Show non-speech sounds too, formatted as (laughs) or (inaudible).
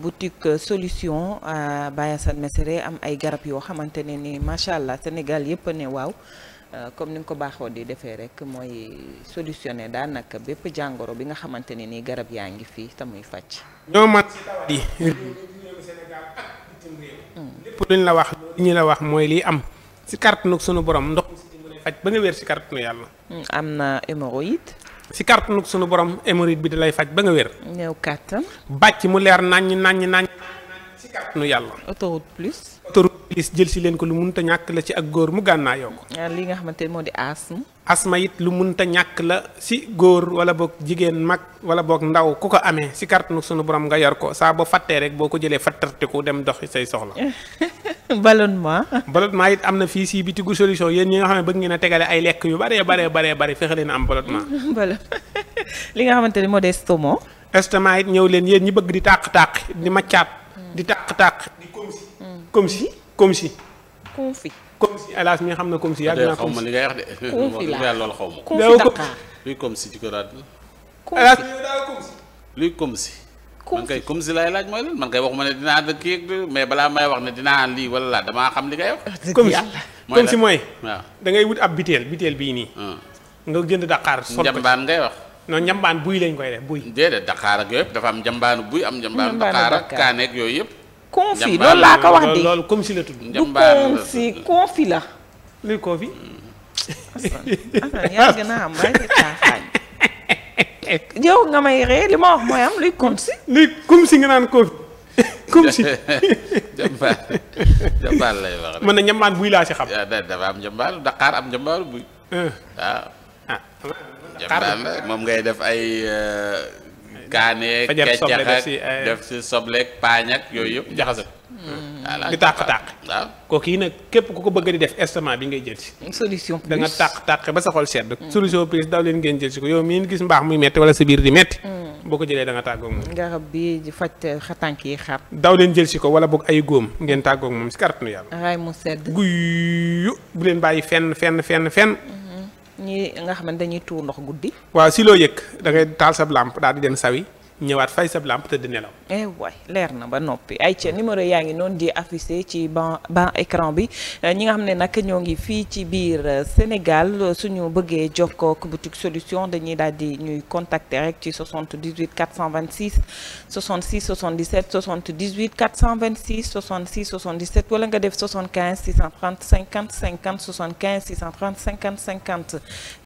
boutique euh, solution euh, Baye Assane Mesere am ay garab yoo xamante ne ni macha allah Sénégal yëpp ne waaw euh, comme ni nga ko baaxoo di defee rek mooy solutionné daanaka bépp jàngoro bi nga xamante ne ni garab yaa ngi fii te muy fàcc. ñoo man di Sénégal luñ la wax li la wax mooy liy am si kàttanu sunu borom ndox mi faj ba nga wér si kàttanu yàlla. Hmm, am na hémorroïde si kàttanu sunu borom hémorroïde bi da lay faj ba nga wér. néew kàttan. bàcc mu leer naññ naññ naññ. si kàttanu yàlla. autoroute plus. autoroute jël si leen ko lu mënta ñàkk la ci ak góor mu gànnaa yow ko. Ah, li nga xamante ne moo di asthme. asma it lu mënta ñàkk la si góor wala boog jigéen mag wala boog ndaw ku ko amee si kàttanu sunu borom nga yor ko saa boo fàttee rek boo ko jëlee fàttartiku dem dox say soxla. (laughs) (laughs) ballonnement. ballonnement it am na fii si bitigu solution yéen ñi nga xam ne bëgg ngeen a tegale ay lekk yu bare bare bare bare fexe leen am ballonnement. ballon (laughs) li nga xamante ni moo de estomac. estomac it ñëw leen yéen ñi bëgg di tàq tàq di maccaat. di tàq tàq. di comme hmm. si comme si comme si. comme si alaas mi xam na comme si yàgg naa comme si li xaw ma. confi luy comme ko daal. confi alaas mi daa comme si. man kay comme lay laaj mooy lan man kay waxuma ne dinaa dëkk kii mais balaa may wax ne dinaa lii wala laa damaa xam li ngay wax. comme si comme si mooy. waaw wut ab biteel biteel bii nii. Hmm. nga jënd daqaar. sol ko ngay wax. non njambaan buy lañ koy def buy. déedéet daqaar ak yooyu yëpp dafa am njambaanu buy am. njambaanu daqaar ak kaane yooyu yëpp. confit loolu laa ko wax de loolu comme si la tudd. njambaan du la. luy confit. yaa gën a xam ek yow nga may ree li ma wax mooy luy comme si (laughs) luy comme nga naan ko comme si (laughs) jàmbaar jàmbaar lay wax mën na njambaar buy laa si xam dafa am njambaar am njambaar buy waaw euh. ah. ah. moom ngay def ay kaane euh, kecax def si euh, sobleeg paañ ak yooyu yëpp jaxase hmm. di tàq-tàq waaw kooku yi nag képp ku ko bëgg di def estomac bi ngay jël si solution da nga tàq-tàq ba sa xol sedd mm. solution plus daw leen ngeen jël si ko yow mii gis mbaax muy metti wala sa biir di metti mm. boo ko jëlee da nga tàggoog moom garab bi di faj xatank yi xar daw leen jël si ko wala boog ay góom ngeen tàggoog moom si kartanu yàlla raay mu sedd guyyu bu leen bàyyi fenn fenn fenn fenn mm-hmm. ñi nga xam ne dañuy tuur ndox guddi waaw si loo yëg da ngay taal sa lampe daal di dem sawi ñëwaat fay sa lampe te di nelaw. eh waay leer na ba noppi ay ca numéro yaa ngi noonu di affiché ci ban ban écran bi eh, ñi nga xam ne nag ñoo ngi fii ci biir eh, Sénégal suñu bëggee jokkoo ak boutique solution dañuy daal di ñuy contacter rek ci 78 426 66 77 78 426 66 77 wala nga def 75 630 50 50 75 630 50 50.